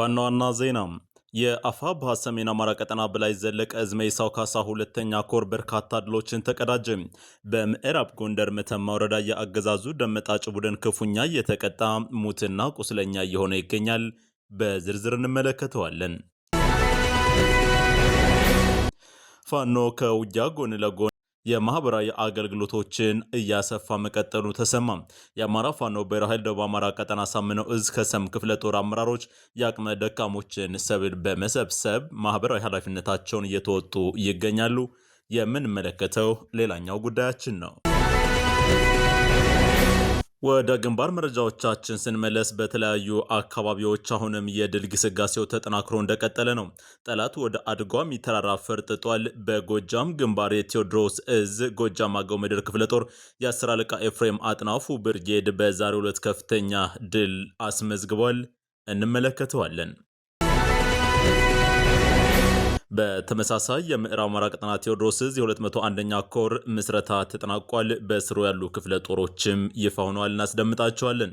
ዋና ዋና ዜና የአፋብሃ ሰሜን አማራ ቀጠና በላይ ዘለቀ እዝመይ ይሳው ካሳ ሁለተኛ ኮር በርካታ ድሎችን ተቀዳጀ። በምዕራብ ጎንደር መተማ ወረዳ የአገዛዙ ደመጣጭ ቡድን ክፉኛ እየተቀጣ ሙትና ቁስለኛ እየሆነ ይገኛል። በዝርዝር እንመለከተዋለን። ፋኖ ከውጊያ ጎን ለጎን የማህበራዊ አገልግሎቶችን እያሰፋ መቀጠሉ ተሰማ። የአማራ ፋኖ ብሔራዊ ኃይል ደቡብ አማራ ቀጠና ሳምነው እዝ ከሰም ክፍለ ጦር አመራሮች የአቅመ ደካሞችን ሰብል በመሰብሰብ ማህበራዊ ኃላፊነታቸውን እየተወጡ ይገኛሉ። የምንመለከተው ሌላኛው ጉዳያችን ነው። ወደ ግንባር መረጃዎቻችን ስንመለስ በተለያዩ አካባቢዎች አሁንም የድል ግስጋሴው ተጠናክሮ እንደቀጠለ ነው። ጠላት ወደ አድጓም ተራራ ፈርጥጧል። በጎጃም ግንባር የቴዎድሮስ እዝ ጎጃም አገው ምድር ክፍለ ጦር የአስር አለቃ ኤፍሬም አጥናፉ ብርጌድ በዛሬው ዕለት ከፍተኛ ድል አስመዝግቧል። እንመለከተዋለን። በተመሳሳይ የምዕራብ አማራ ቀጠና ቴዎድሮስ የ201ኛ ኮር ምስረታ ተጠናቋል። በስሩ ያሉ ክፍለ ጦሮችም ይፋ ሆነዋል። እናስደምጣቸዋለን።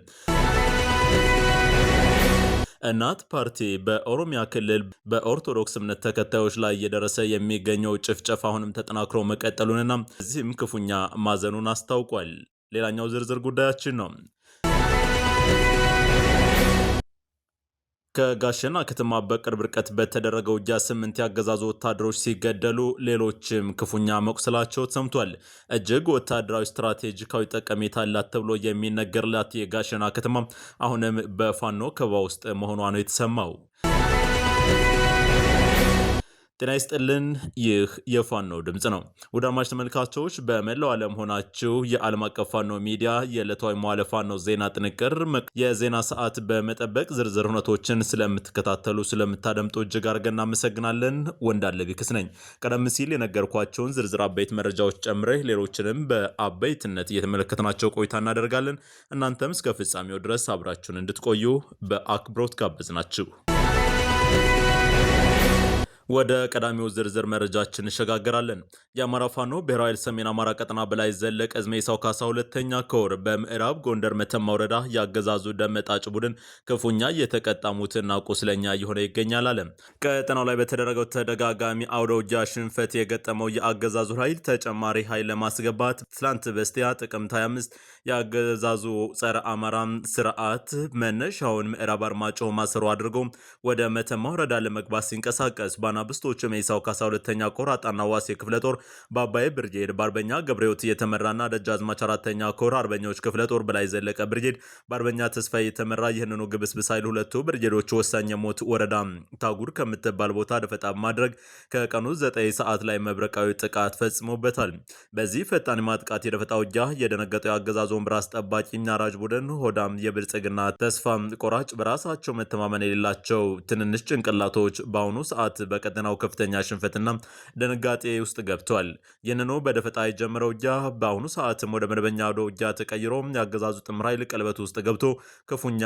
እናት ፓርቲ በኦሮሚያ ክልል በኦርቶዶክስ እምነት ተከታዮች ላይ እየደረሰ የሚገኘው ጭፍጨፍ አሁንም ተጠናክሮ መቀጠሉንና እዚህም ክፉኛ ማዘኑን አስታውቋል። ሌላኛው ዝርዝር ጉዳያችን ነው። ከጋሸና ከተማ በቅርብ ርቀት በተደረገ ውጊያ ስምንት ያገዛዙ ወታደሮች ሲገደሉ ሌሎችም ክፉኛ መቁሰላቸው ተሰምቷል። እጅግ ወታደራዊ ስትራቴጂካዊ ጠቀሜታ አላት ተብሎ የሚነገርላት የጋሸና ከተማ አሁንም በፋኖ ከበባ ውስጥ መሆኗ ነው የተሰማው። ጤና ይስጥልን ይህ የፋኖ ድምፅ ነው። ውድ አድማጭ ተመልካቾች በመላው ዓለም ሆናችሁ የዓለም አቀፍ ፋኖ ሚዲያ የዕለታዊ መዋለ ፋኖ ዜና ጥንቅር የዜና ሰዓት በመጠበቅ ዝርዝር ሁነቶችን ስለምትከታተሉ ስለምታደምጡ እጅግ አድርገን እናመሰግናለን። ወንዳለ ቢክስ ነኝ። ቀደም ሲል የነገርኳቸውን ዝርዝር አበይት መረጃዎች ጨምሬ ሌሎችንም በአበይትነት እየተመለከትናቸው ቆይታ እናደርጋለን። እናንተም እስከ ፍጻሜው ድረስ አብራችሁን እንድትቆዩ በአክብሮት ጋበዝ ናችሁ። ወደ ቀዳሚው ዝርዝር መረጃችን እንሸጋገራለን። የአማራ ፋኖ ብሔራዊ ኃይል ሰሜን አማራ ቀጠና በላይ ዘለቀ ዕዝሜ ይሳው ካሳ ሁለተኛ ኮር በምዕራብ ጎንደር መተማ ወረዳ ያገዛዙ ደመጣጭ ቡድን ክፉኛ የተቀጣ ቁስለኛ እየሆነ ይገኛል አለ። ቀጠናው ላይ በተደረገው ተደጋጋሚ አውደ ውጊያ ሽንፈት የገጠመው የአገዛዙ ኃይል ተጨማሪ ኃይል ለማስገባት ትላንት በስቲያ ጥቅምት 25 የአገዛዙ ጸረ አማራ ስርዓት መነሻውን ምዕራብ አርማጭሆ ማሰሩ አድርጎ ወደ መተማ ወረዳ ለመግባት ሲንቀሳቀስ ሻለቃና ብስቶችም የኢሳው ካሳ ሁለተኛ ኮር አጣና ዋሴ ክፍለ ጦር በአባይ ብርጌድ በአርበኛ ገብረሕይወት የተመራና ደጃዝማች አራተኛ ኮር አርበኛዎች ክፍለ ጦር በላይ ዘለቀ ብርጌድ በአርበኛ ተስፋ የተመራ ይህንኑ ግብስብስ ኃይል ሁለቱ ብርጌዶች ወሳኝ የሞት ወረዳ ታጉድ ከምትባል ቦታ ደፈጣ በማድረግ ከቀኑ ዘጠኝ ሰዓት ላይ መብረቃዊ ጥቃት ፈጽሞበታል። በዚህ ፈጣን ማጥቃት የደፈጣ ውጊያ የደነገጠው የአገዛዝ ወንበር ጠባቂ አራጅ ቡድን ሆዳም የብልጽግና ተስፋ ቆራጭ በራሳቸው መተማመን የሌላቸው ትንንሽ ጭንቅላቶች በአሁኑ ሰዓት በቀ በቀጠናው ከፍተኛ ሽንፈትና ድንጋጤ ውስጥ ገብቷል። ይህንኑ በደፈጣ የጀመረው ውጊያ በአሁኑ ሰዓትም ወደ መደበኛ ወደ ውጊያ ተቀይሮ የአገዛዙ ጥምር ኃይል ቀልበት ውስጥ ገብቶ ክፉኛ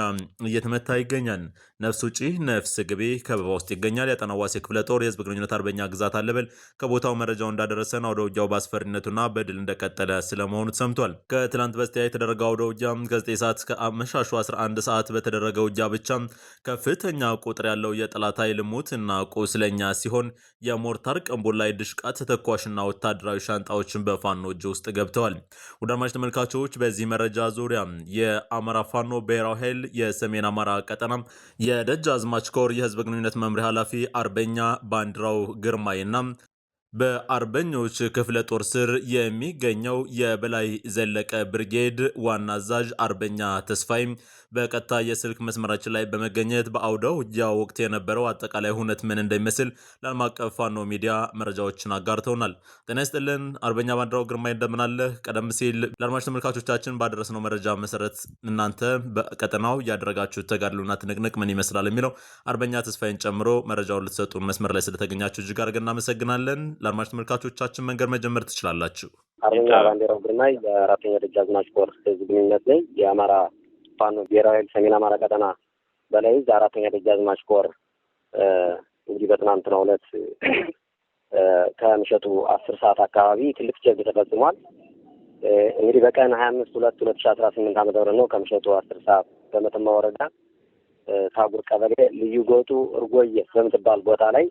እየተመታ ይገኛል። ነፍስ ውጪ ነፍስ ግቢ ከበባ ውስጥ ይገኛል። የጠናዋሴ ክፍለ ጦር የህዝብ ግንኙነት አርበኛ ግዛት አለበል ከቦታው መረጃው እንዳደረሰን አውደ ውጊያው በአስፈሪነቱና በድል እንደቀጠለ ስለመሆኑ ተሰምቷል። ከትላንት በስቲያ የተደረገ አውደ ውጊያ ከ9 ሰዓት እስከ 11 ሰዓት በተደረገ ውጊያ ብቻ ከፍተኛ ቁጥር ያለው የጠላት ኃይል ሙት እና ቁስለኛ ሲሆን የሞርታር ላይ የድሽቃ ተተኳሽና ወታደራዊ ሻንጣዎችን በፋኖ እጅ ውስጥ ገብተዋል። ውድ ተመልካቾች በዚህ መረጃ ዙሪያ የአማራ ፋኖ ብሔራዊ ኃይል የሰሜን አማራ ቀጠና የደጃዝማች ኮር የህዝብ ግንኙነት መምሪያ ኃላፊ አርበኛ ባንዲራው ግርማይና በአርበኞች ክፍለ ጦር ስር የሚገኘው የበላይ ዘለቀ ብርጌድ ዋና አዛዥ አርበኛ ተስፋይም በቀጥታ የስልክ መስመራችን ላይ በመገኘት በአውደ ውጊያ ወቅት የነበረው አጠቃላይ ሁነት ምን እንደሚመስል ለዓለም አቀፍ ፋኖ ሚዲያ መረጃዎችን አጋርተውናል። ጤና ይስጥልን አርበኛ ባንዲራው ግርማ እንደምናለህ። ቀደም ሲል ለአድማጭ ተመልካቾቻችን ባደረስነው መረጃ መሰረት እናንተ በቀጠናው እያደረጋችሁ ተጋድሎና ትንቅንቅ ምን ይመስላል የሚለው አርበኛ ተስፋይን ጨምሮ መረጃውን ልትሰጡን መስመር ላይ ስለተገኛችሁ እጅግ አድርገን እናመሰግናለን። ለአድማጭ ተመልካቾቻችን መንገድ መጀመር ትችላላችሁ። አርበኛ ባንዲራው ግርማይ የአራተኛ ደጃዝማች ኮር ህዝብ ግንኙነት ነኝ። የአማራ ፋኖ ብሔራዊ ኃይል ሰሜን አማራ ቀጠና በላይ የአራተኛ አራተኛ ደጃዝማች ኮር እንግዲህ በትናንትናው ዕለት ከምሸቱ አስር ሰዓት አካባቢ ትልቅ ጀብድ ተፈጽሟል። እንግዲህ በቀን ሀያ አምስት ሁለት ሁለት ሺ አስራ ስምንት ዓመተ ምህረት ነው ከምሸቱ አስር ሰዓት በመተማ ወረዳ ታጉር ቀበሌ ልዩ ጎጡ እርጎየ በምትባል ቦታ ላይ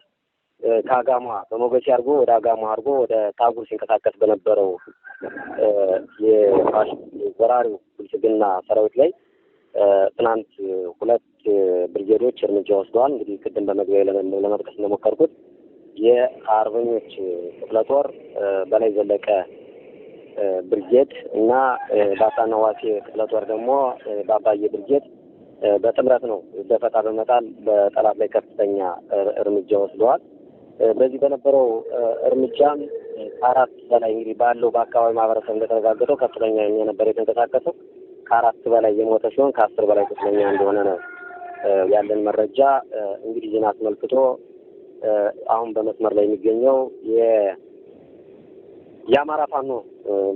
ከአጋማ በሞገሲ አድርጎ ወደ አጋማ አድርጎ ወደ ታጉር ሲንቀሳቀስ በነበረው የወራሪው ብልጽግና ሰራዊት ላይ ትናንት ሁለት ብርጌዶች እርምጃ ወስደዋል። እንግዲህ ቅድም በመግቢያ ለመጥቀስ እንደሞከርኩት የአርበኞች ክፍለ ጦር በላይ ዘለቀ ብርጌድ እና በአሳና ዋሴ ክፍለ ጦር ደግሞ በአባዬ ብርጌድ በጥምረት ነው ደፈጣ በመጣል በጠላት ላይ ከፍተኛ እርምጃ ወስደዋል። በዚህ በነበረው እርምጃም ከአራት በላይ እንግዲህ ባለው በአካባቢ ማህበረሰብ እንደተረጋገጠው ከፍተኛ የነበረ የተንቀሳቀሰው ከአራት በላይ የሞተ ሲሆን ከአስር በላይ ቁስለኛ እንደሆነ ነው ያለን መረጃ። እንግዲህ ይህን አስመልክቶ አሁን በመስመር ላይ የሚገኘው የአማራ ፋኖ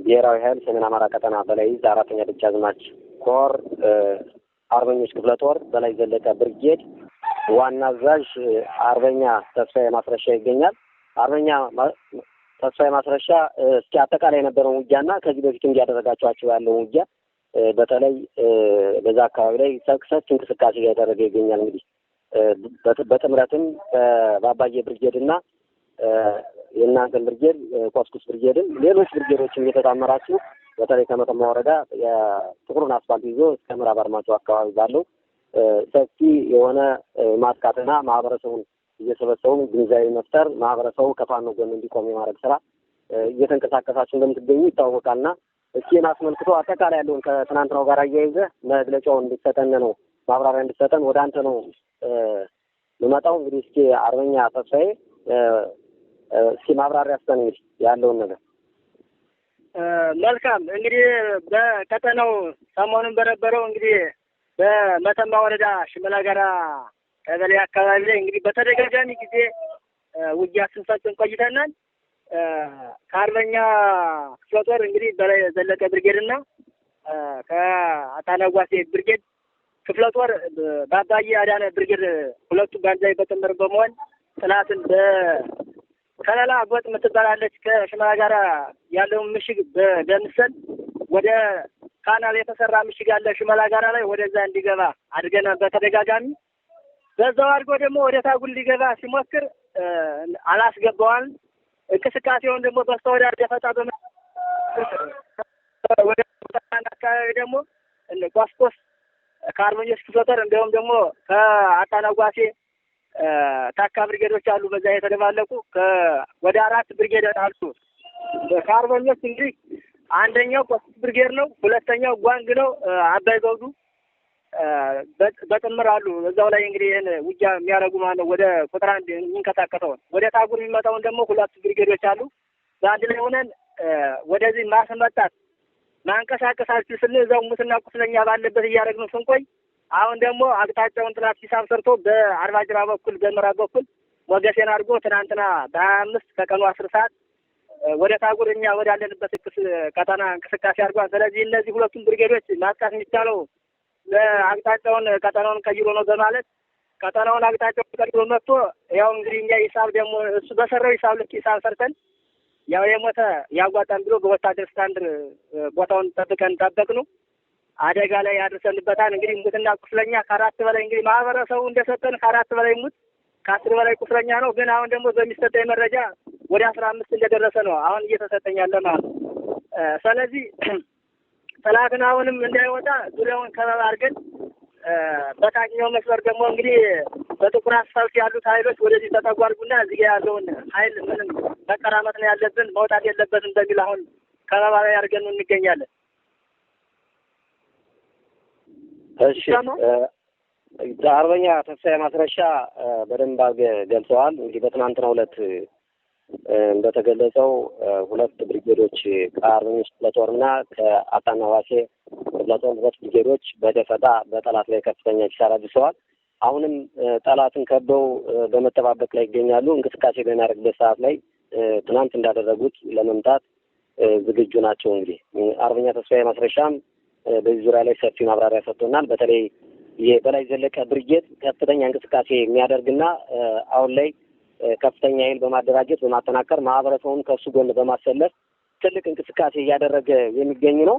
ብሔራዊ ኃይል ሰሜን አማራ ቀጠና በላይ እዝ አራተኛ ደጃዝማች ኮር አርበኞች ክፍለ ጦር በላይ ዘለቀ ብርጌድ ዋና አዛዥ አርበኛ ተስፋዬ ማስረሻ ይገኛል። አርበኛ ተስፋዬ ማስረሻ እስኪ አጠቃላይ የነበረውን ውጊያ እና ከዚህ በፊት እንዲያደረጋቸኋቸው ያለውን ውጊያ በተለይ በዛ አካባቢ ላይ ሰፊ እንቅስቃሴ እያደረገ ይገኛል። እንግዲህ በጥምረትም በአባዬ ብርጌድ እና የእናንተን ብርጌድ ቆስቁስ ብርጌድም ሌሎች ብርጌዶችም እየተጣመራችሁ በተለይ ከመተማ ወረዳ የጥቁሩን አስፋልት ይዞ እስከ ምዕራብ አርማጮ አካባቢ ባለው ሰፊ የሆነ ማጥቃትና ማህበረሰቡን እየሰበሰቡ ግንዛቤ መፍጠር ማህበረሰቡ ከፋኖ ጎን እንዲቆም የማድረግ ስራ እየተንቀሳቀሳችሁ እንደምትገኙ ይታወቃልና እስኪን አስመልክቶ አጠቃላይ ያለውን ከትናንትናው ጋር አያይዘ መግለጫው እንድሰጠን ነው ማብራሪያ እንድሰጠን ወደ አንተ ነው ልመጣው። እንግዲህ እስኪ አርበኛ ተስፋዬ እስኪ ማብራሪያ ስጠን እንግዲህ ያለውን ነገር። መልካም እንግዲህ በቀጠናው ሰሞኑን በነበረው እንግዲህ በመተማ ወረዳ ሽመላ ጋራ ቀበሌ አካባቢ ላይ እንግዲህ በተደጋጋሚ ጊዜ ውጊያ ስንፈጽም ቆይተናል። ከአርበኛ ክፍለ ጦር እንግዲህ በላይ ዘለቀ ብርጌድ እና ከአጣናጓሴ ብርጌድ ክፍለ ጦር በአባዬ አዳነ ብርጌድ ሁለቱ በአንድ ላይ በጥምር በመሆን ጥላትን በከለላ ጎጥ የምትባላለች ከሽመላ ጋራ ያለውን ምሽግ በደምሰል ወደ ካናል የተሰራ ምሽግ አለ ሽመላ ጋራ ላይ ወደዛ እንዲገባ አድርገናል በተደጋጋሚ። በዛው አድርጎ ደግሞ ወደ ታጉል ሊገባ ሲሞክር አላስገባዋል። እንቅስቃሴውን ደግሞ በስተወዳ ደፈጣ በመ ወደ አካባቢ ደግሞ ጓስቆስ ከአርበኞች ክፍለ እንዲሁም ደግሞ ከአጣናጓሴ ታካ ብርጌዶች አሉ። በዛ የተደባለቁ ወደ አራት ብርጌድ አሉ ከአርበኞች እንግዲህ አንደኛው ኮስት ብርጌር ነው። ሁለተኛው ጓንግ ነው። አባይ ዘውዱ በጥምር አሉ። እዛው ላይ እንግዲህ ይህን ውጊያ የሚያደርጉ ማለት ነው። ወደ ቁጥር አንድ የሚንቀሳቀሰውን ወደ ታጉር የሚመጣውን ደግሞ ሁለቱ ብርጌዶች አሉ። በአንድ ላይ ሆነን ወደዚህ ማስመጣት ማንቀሳቀስ ስንል እዛው ሙትና ቁስለኛ ባለበት እያደረግን ስንቆይ አሁን ደግሞ አቅጣጫውን ጥላት ሂሳብ ሰርቶ በአርባጅራ በኩል በምዕራብ በኩል ወገሴን አድርጎ ትናንትና በሀያ አምስት ከቀኑ አስር ሰዓት ወደ ታጉር እኛ ወደ ወዳለንበት ቀጠና እንቅስቃሴ አድርጓል። ስለዚህ እነዚህ ሁለቱም ብርጌዶች ማጥቃት የሚቻለው አቅጣጫውን ቀጠናውን ቀይሮ ነው በማለት ቀጠናውን አቅጣጫውን ቀይሮ መጥቶ ያው እንግዲህ እኛ ሂሳብ ደግሞ እሱ በሰራው ሂሳብ ልክ ሂሳብ ሰርተን ያው የሞተ ያጓጣን ብሎ በወታደር ስታንድ ቦታውን ጠብቀን ጠበቅ ነው አደጋ ላይ ያደርሰንበታል። እንግዲህ ሙትና ቁስለኛ ከአራት በላይ እንግዲህ ማህበረሰቡ እንደሰጠን ከአራት በላይ ሙት ከአስር በላይ ቁስለኛ ነው። ግን አሁን ደግሞ በሚሰጠኝ መረጃ ወደ አስራ አምስት እንደደረሰ ነው አሁን እየተሰጠኝ ያለ ማለት ነው። ስለዚህ ጠላትን አሁንም እንዳይወጣ ዙሪያውን ከበባ አድርገን በታችኛው መስመር ደግሞ እንግዲህ በጥቁር አስፋልት ያሉት ኃይሎች ወደዚህ ተጠጓልጉና እዚህ ያለውን ኃይል ምንም መቀራመት ነው ያለብን፣ መውጣት የለበትም በሚል አሁን ከበባ ላይ አድርገን እንገኛለን። እሺ አርበኛ ተስፋዬ ማስረሻ በደንብ ገልጸዋል። እንግዲህ በትናንትናው ዕለት እንደተገለጸው ሁለት ብሪጌዶች ከአርበኞች ክፍለ ጦርና ከአጣናዋሴ ክፍለ ጦር ሁለት ብሪጌዶች በደፈጣ በጠላት ላይ ከፍተኛ ኪሳራ አድርሰዋል። አሁንም ጠላትን ከበው በመጠባበቅ ላይ ይገኛሉ። እንቅስቃሴ በሚያደርግበት ሰዓት ላይ ትናንት እንዳደረጉት ለመምታት ዝግጁ ናቸው። እንግዲህ አርበኛ ተስፋዬ ማስረሻም በዚህ ዙሪያ ላይ ሰፊ ማብራሪያ ሰጥቶናል። በተለይ የበላይ ዘለቀ ብርጌድ ከፍተኛ እንቅስቃሴ የሚያደርግና አሁን ላይ ከፍተኛ ይል በማደራጀት በማጠናከር ማህበረሰቡን ከእሱ ጎን በማሰለፍ ትልቅ እንቅስቃሴ እያደረገ የሚገኝ ነው።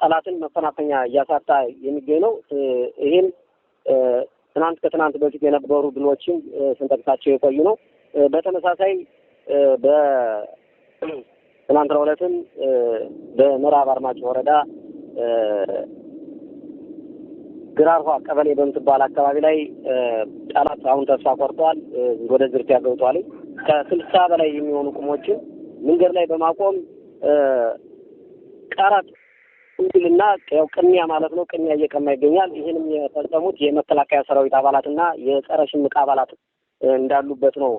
ጠላትን መፈናፈኛ እያሳጣ የሚገኝ ነው። ይህም ትናንት ከትናንት በፊት የነበሩ ድሎችን ስንጠቅሳቸው የቆዩ ነው። በተመሳሳይ በትናንትናው ዕለትም በምዕራብ አርማጭ ወረዳ ግራርኋ ቀበሌ በምትባል አካባቢ ላይ ጠላት አሁን ተስፋ ቆርጠዋል። ወደ ዝርፊያ ገብተዋል። ከስልሳ በላይ የሚሆኑ ቁሞችን መንገድ ላይ በማቆም ቀረጥ ውድልና ያው ቅሚያ ማለት ነው ቅሚያ እየቀማ ይገኛል። ይህንም የፈጸሙት የመከላከያ ሰራዊት አባላትና የጸረ ሽምቅ አባላት እንዳሉበት ነው።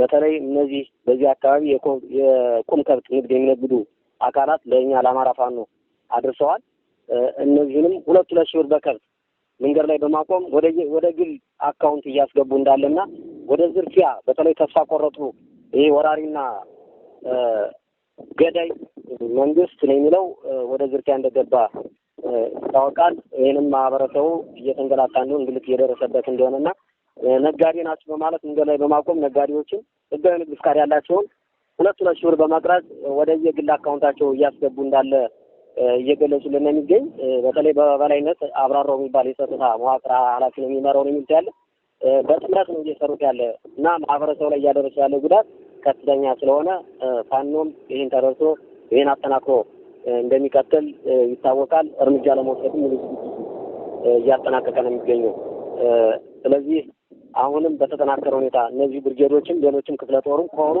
በተለይ እነዚህ በዚህ አካባቢ የቁም ከብት ንግድ የሚነግዱ አካላት ለእኛ ለአማራ ፋኖ አድርሰዋል። እነዚህንም ሁለት ሁለት ሺህ ብር በከብት መንገድ ላይ በማቆም ወደ ግል አካውንት እያስገቡ እንዳለና ወደ ዝርፊያ በተለይ ተስፋ ቆረጡ ይህ ወራሪና ገዳይ መንግስት ነው የሚለው ወደ ዝርፊያ እንደገባ ይታወቃል። ይህንም ማህበረሰቡ እየተንገላታ እንዲሆን እንግልት እየደረሰበት እንደሆነና ነጋዴ ናቸው በማለት መንገድ ላይ በማቆም ነጋዴዎችን ህጋዊ ንግድ ፍቃድ ያላቸውን ሁለት ሁለት ሺህ ብር በመቅረጽ ወደ የግል አካውንታቸው እያስገቡ እንዳለ እየገለጹ ነው የሚገኝ። በተለይ በበላይነት አብራሮ የሚባል የጸጥታ መዋቅር ኃላፊ ነው የሚመራው ነው የሚሉት ያለ በጥምረት ነው እየሰሩት ያለ እና ማህበረሰቡ ላይ እያደረሰ ያለው ጉዳት ከፍተኛ ስለሆነ ፋኖም ይህን ተደርሶ ይህን አጠናክሮ እንደሚቀጥል ይታወቃል። እርምጃ ለመውሰድም እያጠናቀቀ ነው የሚገኘው። ስለዚህ አሁንም በተጠናከረ ሁኔታ እነዚህ ብርጌዶችም ሌሎችም ክፍለ ጦሩም ከሆኑ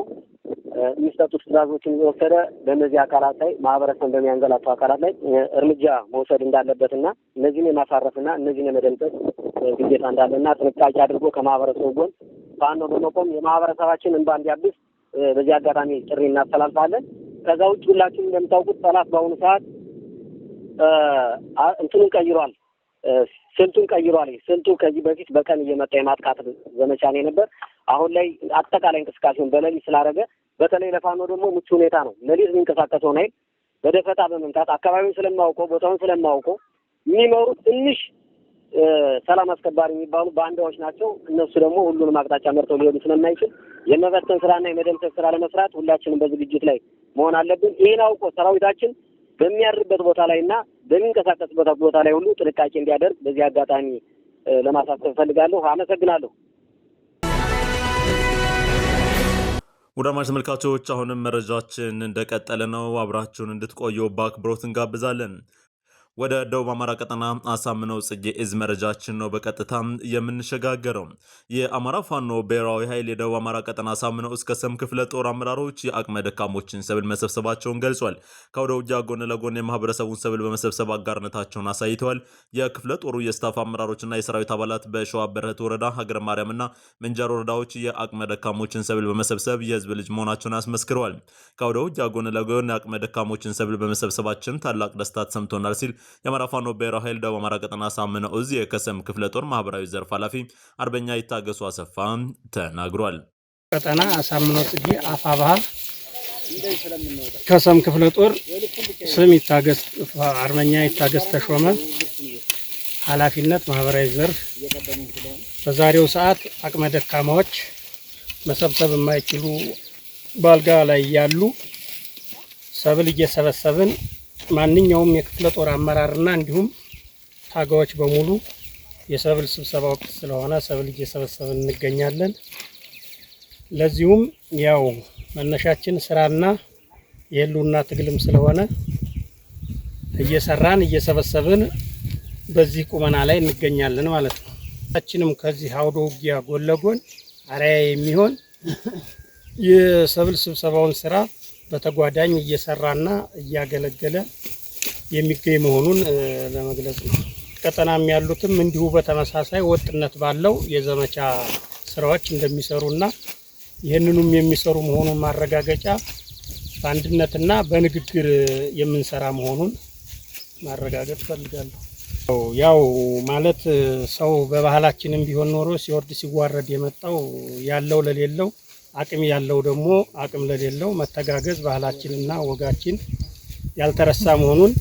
የሚሰጡ ትእዛዞችን የወሰደ በእነዚህ አካላት ላይ ማህበረሰብ በሚያንገላቱ አካላት ላይ እርምጃ መውሰድ እንዳለበትና እነዚህን የማሳረፍና እነዚህን የመደምጠት ግዴታ እንዳለና ጥንቃቄ አድርጎ ከማህበረሰቡ ጎን በአንድ በመቆም የማህበረሰባችን እንባ እንዲያብስ በዚህ አጋጣሚ ጥሪ እናስተላልፋለን። ከዛ ውጭ ሁላችሁም እንደምታውቁት ጠላት በአሁኑ ሰዓት እንትኑን ቀይሯል። ስልቱን ቀይሯል። ስልቱ ከዚህ በፊት በቀን እየመጣ የማጥቃት ዘመቻ ነው የነበር። አሁን ላይ አጠቃላይ እንቅስቃሴውን በሌሊት ስላደረገ በተለይ ለፋኖ ደግሞ ምቹ ሁኔታ ነው። ሌሊት የሚንቀሳቀሰው ናይል በደፈጣ በመምታት አካባቢውን ስለማውቀው ቦታውን ስለማውቀው የሚመሩት ትንሽ ሰላም አስከባሪ የሚባሉ ባንዳዎች ናቸው። እነሱ ደግሞ ሁሉንም አቅጣጫ መርተው ሊሄዱ ስለማይችል የመበተን ስራና የመደምሰስ ስራ ለመስራት ሁላችንም በዝግጅት ላይ መሆን አለብን። ይህን አውቆ ሰራዊታችን በሚያርበት ቦታ ላይ እና በሚንቀሳቀስበት ቦታ ላይ ሁሉ ጥንቃቄ እንዲያደርግ በዚህ አጋጣሚ ለማሳሰብ እፈልጋለሁ። አመሰግናለሁ። ወደ ተመልካቾች አሁንም መረጃችን እንደቀጠለ ነው። አብራችሁን እንድትቆዩ በአክብሮት እንጋብዛለን። ወደ ደቡብ አማራ ቀጠና አሳምነው ጽጌ እዝ መረጃችን ነው በቀጥታ የምንሸጋገረው። የአማራ ፋኖ ብሔራዊ ኃይል የደቡብ አማራ ቀጠና አሳምነው እስከ ሰም ክፍለ ጦር አመራሮች የአቅመ ደካሞችን ሰብል መሰብሰባቸውን ገልጿል። ከወደ ውጊያ ጎን ለጎን የማህበረሰቡን ሰብል በመሰብሰብ አጋርነታቸውን አሳይተዋል። የክፍለ ጦሩ የስታፍ አመራሮችና የሰራዊት አባላት በሸዋ በረህት ወረዳ ሀገረ ማርያምና ምንጃር ወረዳዎች የአቅመ ደካሞችን ሰብል በመሰብሰብ የህዝብ ልጅ መሆናቸውን አስመስክረዋል። ከወደ ውጊያ ጎን ለጎን የአቅመ ደካሞችን ሰብል በመሰብሰባችን ታላቅ ደስታ ተሰምቶናል ሲል የአማራ ፋኖ ብሔራዊ ኃይል ደቡብ አማራ ቀጠና ሳምነው እዝ የከሰም ክፍለ ጦር ማህበራዊ ዘርፍ ኃላፊ አርበኛ ይታገሱ አሰፋ ተናግሯል። ቀጠና አሳምኖ ጽጌ አፋባ ከሰም ክፍለ ጦር ስም ይታገስ አርበኛ ይታገስ ተሾመ ኃላፊነት ማህበራዊ ዘርፍ በዛሬው ሰዓት አቅመ ደካማዎች መሰብሰብ የማይችሉ ባልጋ ላይ ያሉ ሰብል እየሰበሰብን ማንኛውም የክፍለ ጦር አመራርና እንዲሁም ታጋዎች በሙሉ የሰብል ስብሰባ ወቅት ስለሆነ ሰብል እየሰበሰብን እንገኛለን። ለዚሁም ያው መነሻችን ስራና የህልውና ትግልም ስለሆነ እየሰራን እየሰበሰብን በዚህ ቁመና ላይ እንገኛለን ማለት ነው። ታችንም ከዚህ አውደ ውጊያ ጎን ለጎን አርአያ የሚሆን የሰብል ስብሰባውን ስራ በተጓዳኝ እየሰራና እያገለገለ የሚገኝ መሆኑን ለመግለጽ ነው። ቀጠናም ያሉትም እንዲሁ በተመሳሳይ ወጥነት ባለው የዘመቻ ስራዎች እንደሚሰሩና ይህንኑም የሚሰሩ መሆኑን ማረጋገጫ በአንድነትና በንግግር የምንሰራ መሆኑን ማረጋገጥ ፈልጋለሁ። ያው ማለት ሰው በባህላችንም ቢሆን ኖሮ ሲወርድ ሲዋረድ የመጣው ያለው ለሌለው አቅም ያለው ደግሞ አቅም ለሌለው መተጋገዝ ባህላችንና ወጋችን ያልተረሳ መሆኑን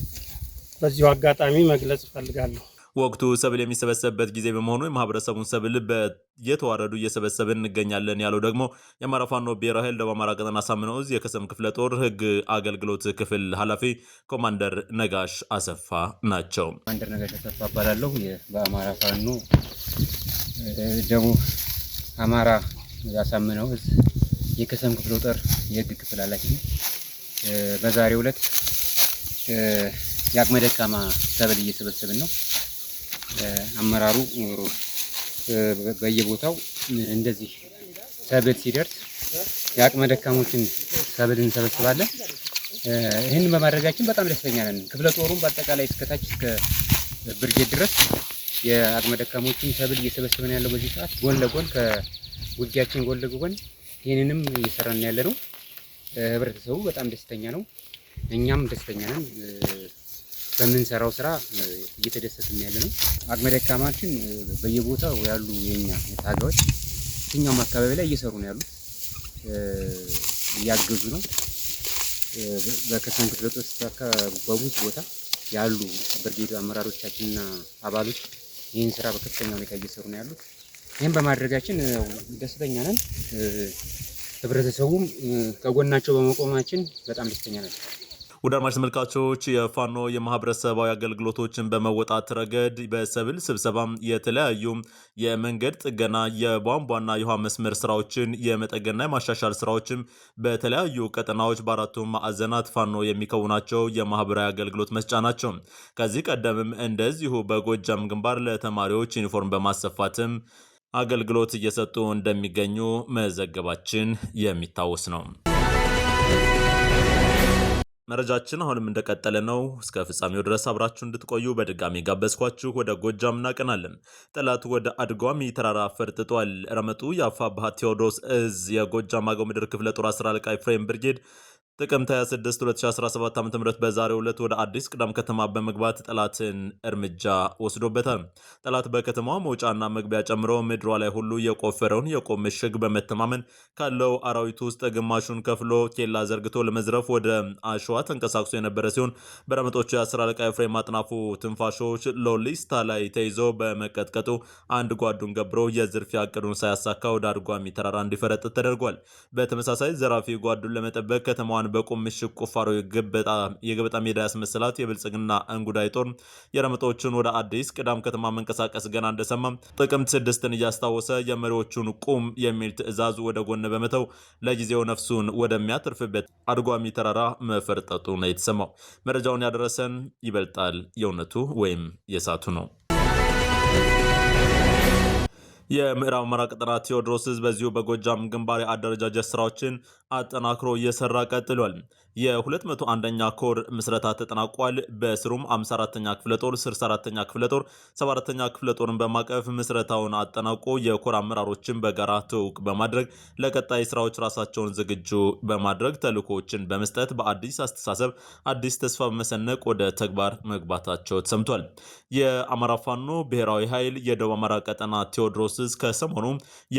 በዚሁ አጋጣሚ መግለጽ እፈልጋለሁ። ወቅቱ ሰብል የሚሰበሰብበት ጊዜ በመሆኑ የማህበረሰቡን ሰብል እየተዋረዱ እየሰበሰብን እንገኛለን ያለው ደግሞ የአማራ ፋኖ ብሔራዊ ኃይል ደቡብ አማራ ቀጠና ሳምነው እዝ የከሰም ክፍለ ጦር ህግ አገልግሎት ክፍል ኃላፊ ኮማንደር ነጋሽ አሰፋ ናቸው። ኮማንደር ነጋሽ አሰፋ እባላለሁ። በአማራ ፋኖ ደቡብ አማራ ያሳምነው እዝ የከሰም ክፍለ ጦር የህግ ክፍል ኃላፊ በዛሬው ዕለት የአቅመ ደካማ ሰብል እየሰበሰብን ነው። አመራሩ በየቦታው እንደዚህ ሰብል ሲደርስ የአቅመ ደካሞችን ሰብል እንሰበስባለን። ይህንን በማድረጋችን በጣም ደስተኛ ነን። ክፍለ ጦሩም በአጠቃላይ እስከታች እስከ ብርጌድ ድረስ የአቅመ ደካሞችን ሰብል እየሰበሰብን ያለው በዚህ ሰዓት ጎን ለጎን ውጊያችን ጎን ለጎን ይህንንም እየሰራን ያለ ነው። ህብረተሰቡ በጣም ደስተኛ ነው፣ እኛም ደስተኛ ነን። በምንሰራው ስራ እየተደሰትን ያለ ነው። አቅመ ደካማችን በየቦታው ያሉ የኛ ታጋዎች የትኛውም አካባቢ ላይ እየሰሩ ነው ያሉት፣ እያገዙ ነው። በከሰም ክፍለ ጦር ቦታ ያሉ ብርጌድ አመራሮቻችንና አባሎች ይህን ስራ በከፍተኛ ሁኔታ እየሰሩ ነው ያሉት። ይህም በማድረጋችን ደስተኛ ነን። ህብረተሰቡም ከጎናቸው በመቆማችን በጣም ደስተኛ ነን። ውድ አድማጭ ተመልካቾች የፋኖ የማህበረሰባዊ አገልግሎቶችን በመወጣት ረገድ በሰብል ስብሰባ የተለያዩ የመንገድ ጥገና፣ የቧንቧና የውሃ መስመር ስራዎችን የመጠገና የማሻሻል ስራዎችም በተለያዩ ቀጠናዎች በአራቱ ማዕዘናት ፋኖ የሚከውናቸው የማህበራዊ አገልግሎት መስጫ ናቸው። ከዚህ ቀደምም እንደዚሁ በጎጃም ግንባር ለተማሪዎች ዩኒፎርም በማሰፋትም አገልግሎት እየሰጡ እንደሚገኙ መዘገባችን የሚታወስ ነው። መረጃችን አሁንም እንደቀጠለ ነው። እስከ ፍጻሜው ድረስ አብራችሁ እንድትቆዩ በድጋሚ ጋበዝኳችሁ። ወደ ጎጃም እናቀናለን። ጠላቱ ወደ አድጓሚ ተራራ ፈርጥጧል። ረመጡ የአፋ ባህ ቴዎድሮስ እዝ የጎጃም አገው ምድር ክፍለ ጦር አስር አለቃ ፍሬም ብርጌድ ጥቅምት 26 2017 ዓ ም በዛሬው ዕለት ወደ አዲስ ቅዳም ከተማ በመግባት ጠላትን እርምጃ ወስዶበታል። ጠላት በከተማዋ መውጫና መግቢያ ጨምሮ ምድሯ ላይ ሁሉ የቆፈረውን የቆም ምሽግ በመተማመን ካለው አራዊቱ ውስጥ ግማሹን ከፍሎ ኬላ ዘርግቶ ለመዝረፍ ወደ አሸዋ ተንቀሳቅሶ የነበረ ሲሆን በረመጦቹ የአስር አለቃ ፍሬ ማጥናፉ ትንፋሾች ሎሊስታ ላይ ተይዞ በመቀጥቀጡ አንድ ጓዱን ገብሮ የዝርፊያ እቅዱን ሳያሳካ ወደ አድጓሚ ተራራ እንዲፈረጥ ተደርጓል። በተመሳሳይ ዘራፊ ጓዱን ለመጠበቅ ከተማዋ። በቁም ምሽግ ቁፋሮ የገበጣ ሜዳ ያስመስላት የብልጽግና እንጉዳይ ጦር የረመጦቹን ወደ አዲስ ቅዳም ከተማ መንቀሳቀስ ገና እንደሰማ ጥቅምት ስድስትን እያስታወሰ የመሪዎቹን ቁም የሚል ትዕዛዝ ወደ ጎን በመተው ለጊዜው ነፍሱን ወደሚያትርፍበት አድጓሚ ተራራ መፈርጠጡ ነው የተሰማው። መረጃውን ያደረሰን ይበልጣል የእውነቱ ወይም የሳቱ ነው። የምዕራብ አማራ ቀጠና ቴዎድሮስ በዚሁ በጎጃም ግንባር የአደረጃጀት ስራዎችን አጠናክሮ እየሰራ ቀጥሏል። የ201ኛ ኮር ምስረታ ተጠናቋል። በስሩም 54ኛ ክፍለ ጦር፣ 64ኛ ክፍለ ጦር፣ 74ኛ ክፍለ ጦርን በማቀፍ ምስረታውን አጠናቆ የኮር አመራሮችን በጋራ ተውቅ በማድረግ ለቀጣይ ስራዎች ራሳቸውን ዝግጁ በማድረግ ተልእኮዎችን በመስጠት በአዲስ አስተሳሰብ አዲስ ተስፋ በመሰነቅ ወደ ተግባር መግባታቸው ተሰምቷል። የአማራ ፋኖ ብሔራዊ ኃይል የደቡብ አማራ ቀጠና ቴዎድሮስ ከሰሞኑ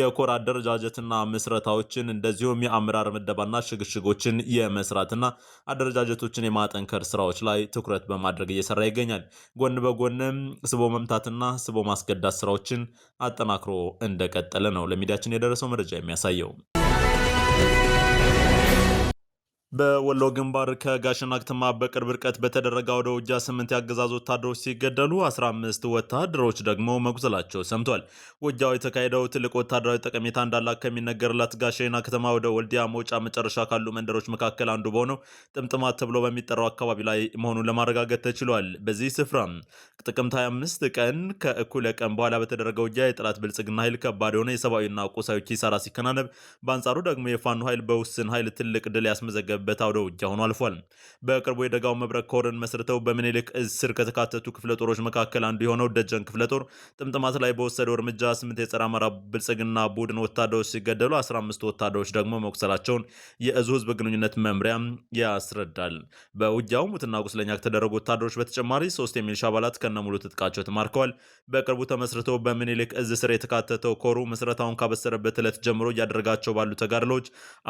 የኮር አደረጃጀትና ምስረታዎችን እንደዚሁም የአመራር ምደባና ሽግሽጎችን የመስራትና አደረጃጀቶችን የማጠንከር ስራዎች ላይ ትኩረት በማድረግ እየሰራ ይገኛል። ጎን በጎንም ስቦ መምታትና ስቦ ማስገዳት ስራዎችን አጠናክሮ እንደቀጠለ ነው ለሚዲያችን የደረሰው መረጃ የሚያሳየው። በወሎ ግንባር ከጋሸና ከተማ በቅርብ ርቀት በተደረገ አውደ ውጊያ ስምንት የአገዛዝ ወታደሮች ሲገደሉ 15 ወታደሮች ደግሞ መቁሰላቸው ሰምቷል። ውጊያው የተካሄደው ትልቅ ወታደራዊ ጠቀሜታ እንዳላት ከሚነገርላት ጋሸና ከተማ ወደ ወልዲያ መውጫ መጨረሻ ካሉ መንደሮች መካከል አንዱ በሆነው ጥምጥማት ተብሎ በሚጠራው አካባቢ ላይ መሆኑን ለማረጋገጥ ተችሏል። በዚህ ስፍራ ጥቅምት 25 ቀን ከእኩለ ቀን በኋላ በተደረገ ውጊያ የጠላት ብልጽግና ኃይል ከባድ የሆነ የሰብአዊና ቁሳዊ ኪሳራ ሲከናነብ፣ በአንጻሩ ደግሞ የፋኖ ኃይል በውስን ኃይል ትልቅ ድል ያስመዘገበ የተደረገበት አውደ ውጊያ ሆኖ አልፏል። በቅርቡ የደጋው መብረቅ ኮርን መስርተው በምኒልክ እዝ ስር ከተካተቱ ክፍለ ጦሮች መካከል አንዱ የሆነው ደጀን ክፍለ ጦር ጥምጥማት ላይ በወሰደው እርምጃ ስምንት የጸረ አማራ ብልጽግና ቡድን ወታደሮች ሲገደሉ 15 ወታደሮች ደግሞ መቁሰላቸውን የእዙ ህዝብ ግንኙነት መምሪያ ያስረዳል። በውጊያው ሙትና ቁስለኛ ከተደረጉ ወታደሮች በተጨማሪ ሶስት የሚሊሻ አባላት ከነሙሉ ትጥቃቸው ተማርከዋል። በቅርቡ ተመስርቶ በምኒልክ እዝ ስር የተካተተው ኮሩ ምስረታውን ካበሰረበት ዕለት ጀምሮ እያደረጋቸው ባሉ ተጋድሎች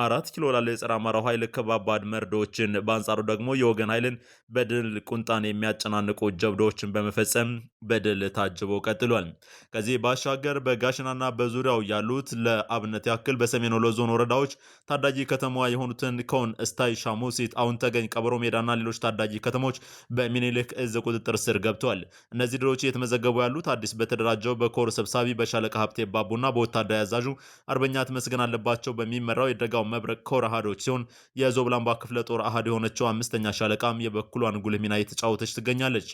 አራት ኪሎ ላለው የጸረ አማራው ኃይል ከባ ከባድ መርዶችን፣ በአንጻሩ ደግሞ የወገን ኃይልን በድል ቁንጣን የሚያጨናንቁ ጀብዶዎችን በመፈጸም በድል ታጅቦ ቀጥሏል። ከዚህ ባሻገር በጋሽናና በዙሪያው ያሉት ለአብነት ያክል በሰሜን ወሎ ዞን ወረዳዎች ታዳጊ ከተማዋ የሆኑትን ከውን፣ እስታይ፣ ሻሙሲት፣ አሁን ተገኝ፣ ቀበሮ ሜዳና ሌሎች ታዳጊ ከተሞች በሚኒልክ እዝ ቁጥጥር ስር ገብተዋል። እነዚህ ድሎች እየተመዘገቡ ያሉት አዲስ በተደራጀው በኮር ሰብሳቢ በሻለቃ ሀብቴ ባቡና በወታደራዊ አዛዡ አርበኛ ትመስገን አለባቸው በሚመራው የደጋው መብረቅ ኮር አሃዶች ሲሆን የዞ የአውላምባ ክፍለ ጦር አሃድ የሆነችው አምስተኛ ሻለቃም የበኩሏን ጉልህ ሚና እየተጫወተች ትገኛለች።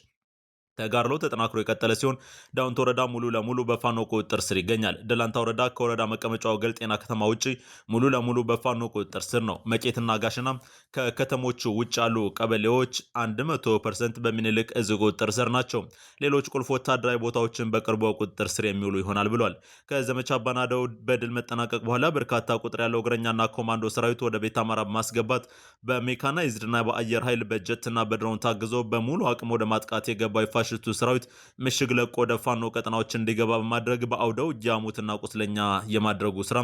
ተጋድሎ ተጠናክሮ የቀጠለ ሲሆን ዳውንት ወረዳ ሙሉ ለሙሉ በፋኖ ቁጥጥር ስር ይገኛል። ደላንታ ወረዳ ከወረዳ መቀመጫው ገልጤና ከተማ ውጭ ሙሉ ለሙሉ በፋኖ ቁጥጥር ስር ነው። መቄትና ጋሽና ከከተሞቹ ውጭ ያሉ ቀበሌዎች 100 ፐርሰንት በሚኒልክ እዝ ቁጥጥር ስር ናቸው። ሌሎች ቁልፍ ወታደራዊ ቦታዎችን በቅርቡ ቁጥጥር ስር የሚውሉ ይሆናል ብሏል። ከዘመቻ አባናደው በድል መጠናቀቅ በኋላ በርካታ ቁጥር ያለው እግረኛና ኮማንዶ ሰራዊት ወደ ቤት አማራ በማስገባት በሜካናይዝድና በአየር ኃይል በጀትና በድሮን ታግዞ በሙሉ አቅም ወደ ማጥቃት የገባው የፋሽስቱ ሰራዊት ምሽግ ለቆ ወደ ፋኖ ቀጠናዎች እንዲገባ በማድረግ በአውደ ውጊያ ሙትና ቁስለኛ የማድረጉ ስራ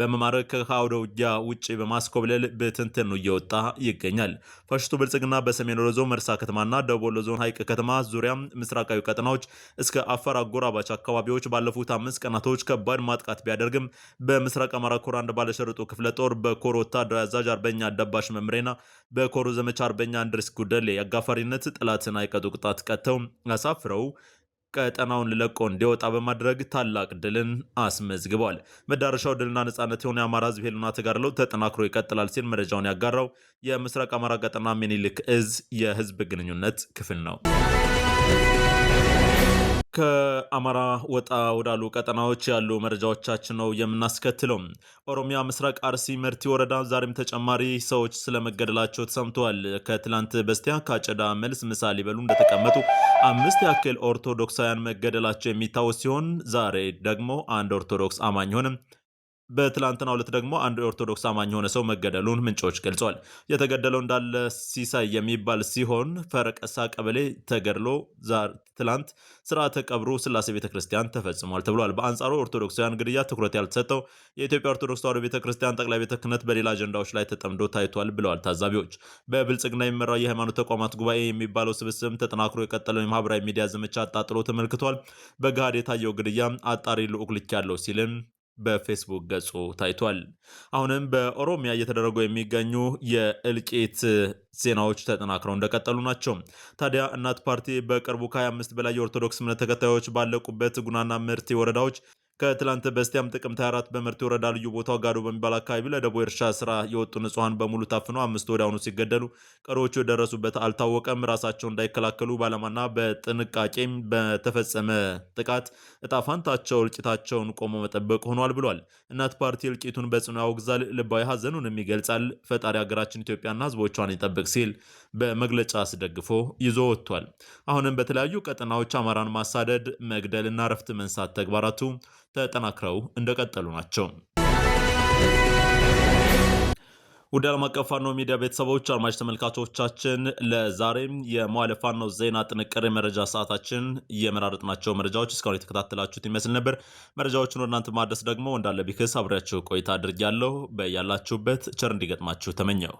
በመማረክ ከአውደ ውጊያ ውጭ በማስኮብለል ብትንትኑ እየወጣ ይገኛል። ፋሽስቱ ብልጽግና በሰሜን ወሎ ዞን መርሳ ከተማና ደቡብ ወሎ ዞን ሀይቅ ከተማ ዙሪያ ምስራቃዊ ቀጠናዎች እስከ አፋር አጎራባች አካባቢዎች ባለፉት አምስት ቀናቶች ከባድ ማጥቃት ቢያደርግም በምስራቅ አማራ ኮር አንድ ባለሸርጡ ክፍለ ጦር በኮር ወታደራዊ አዛዥ አርበኛ አዳባሽ መምሬና በኮሩ ዘመቻ አርበኛ አንድርስ ጉደሌ አጋፋሪነት ጠላትን አይቀጡ ቅጣት ቀጥተው አሳፍረው ቀጠናውን ልለቆ እንዲወጣ በማድረግ ታላቅ ድልን አስመዝግቧል። መዳረሻው ድልና ነጻነት የሆነ የአማራ ህዝብ ሄሉና ተጋድለው ተጠናክሮ ይቀጥላል ሲል መረጃውን ያጋራው የምስራቅ አማራ ቀጠና ምኒልክ እዝ የህዝብ ግንኙነት ክፍል ነው። ከአማራ ወጣ ወዳሉ ቀጠናዎች ያሉ መረጃዎቻችን ነው የምናስከትለው። ኦሮሚያ ምስራቅ አርሲ መርቲ ወረዳ ዛሬም ተጨማሪ ሰዎች ስለመገደላቸው ተሰምተዋል። ከትላንት በስቲያ ከአጨዳ መልስ ምሳ ሊበሉ እንደተቀመጡ አምስት ያክል ኦርቶዶክሳውያን መገደላቸው የሚታወስ ሲሆን ዛሬ ደግሞ አንድ ኦርቶዶክስ አማኝ ሆንም በትላንትና ዕለት ደግሞ አንድ ኦርቶዶክስ አማኝ የሆነ ሰው መገደሉን ምንጮች ገልጿል። የተገደለው እንዳለ ሲሳይ የሚባል ሲሆን ፈረቀሳ ቀበሌ ተገድሎ ትላንት ስርዓተ ቀብሩ ስላሴ ቤተ ክርስቲያን ተፈጽሟል ተብሏል። በአንጻሩ ኦርቶዶክሳውያን ግድያ ትኩረት ያልተሰጠው የኢትዮጵያ ኦርቶዶክስ ተዋሕዶ ቤተ ክርስቲያን ጠቅላይ ቤተ ክህነት በሌላ አጀንዳዎች ላይ ተጠምዶ ታይቷል ብለዋል ታዛቢዎች። በብልጽግና የሚመራው የሃይማኖት ተቋማት ጉባኤ የሚባለው ስብስብም ተጠናክሮ የቀጠለው የማህበራዊ ሚዲያ ዘመቻ አጣጥሎ ተመልክቷል። በገሃድ የታየው ግድያ አጣሪ ልዑክ ልክ ያለው ሲልም በፌስቡክ ገጹ ታይቷል። አሁንም በኦሮሚያ እየተደረጉ የሚገኙ የእልቂት ዜናዎች ተጠናክረው እንደቀጠሉ ናቸው። ታዲያ እናት ፓርቲ በቅርቡ ከ25 በላይ የኦርቶዶክስ እምነት ተከታዮች ባለቁበት ጉናና ምርት ወረዳዎች ከትላንት በስቲያም ጥቅምት 24 በምርት ወረዳ ልዩ ቦታው ጋዶ በሚባል አካባቢ ለደቦ እርሻ ስራ የወጡ ንጹሐን በሙሉ ታፍነው አምስት ወዲያውኑ ሲገደሉ ቀሪዎቹ የደረሱበት አልታወቀም። ራሳቸውን እንዳይከላከሉ ባለማና በጥንቃቄም በተፈጸመ ጥቃት እጣፋንታቸው እልቂታቸውን ቆሞ መጠበቅ ሆኗል ብሏል። እናት ፓርቲ እልቂቱን በጽኑ ያወግዛል፣ ልባዊ ሀዘኑንም ይገልጻል። ፈጣሪ ሀገራችን ኢትዮጵያና ህዝቦቿን ይጠብቅ ሲል በመግለጫ አስደግፎ ይዞ ወጥቷል። አሁንም በተለያዩ ቀጠናዎች አማራን ማሳደድ፣ መግደልና ረፍት መንሳት ተግባራቱ ተጠናክረው እንደቀጠሉ ናቸው። ውድ ዓለም አቀፍ ፋኖ ሚዲያ ቤተሰቦች አድማጭ ተመልካቾቻችን ለዛሬም የመዋለ ፋኖ ዜና ጥንቅር የመረጃ ሰዓታችን እየመራረጥናቸው መረጃዎች እስካሁን የተከታተላችሁት ይመስል ነበር። መረጃዎችን ወደ እናንተ ማድረስ ደግሞ እንዳለ ቢክስ አብሬያቸው ቆይታ አድርጊያለሁ። በያላችሁበት ቸር እንዲገጥማችሁ ተመኘው።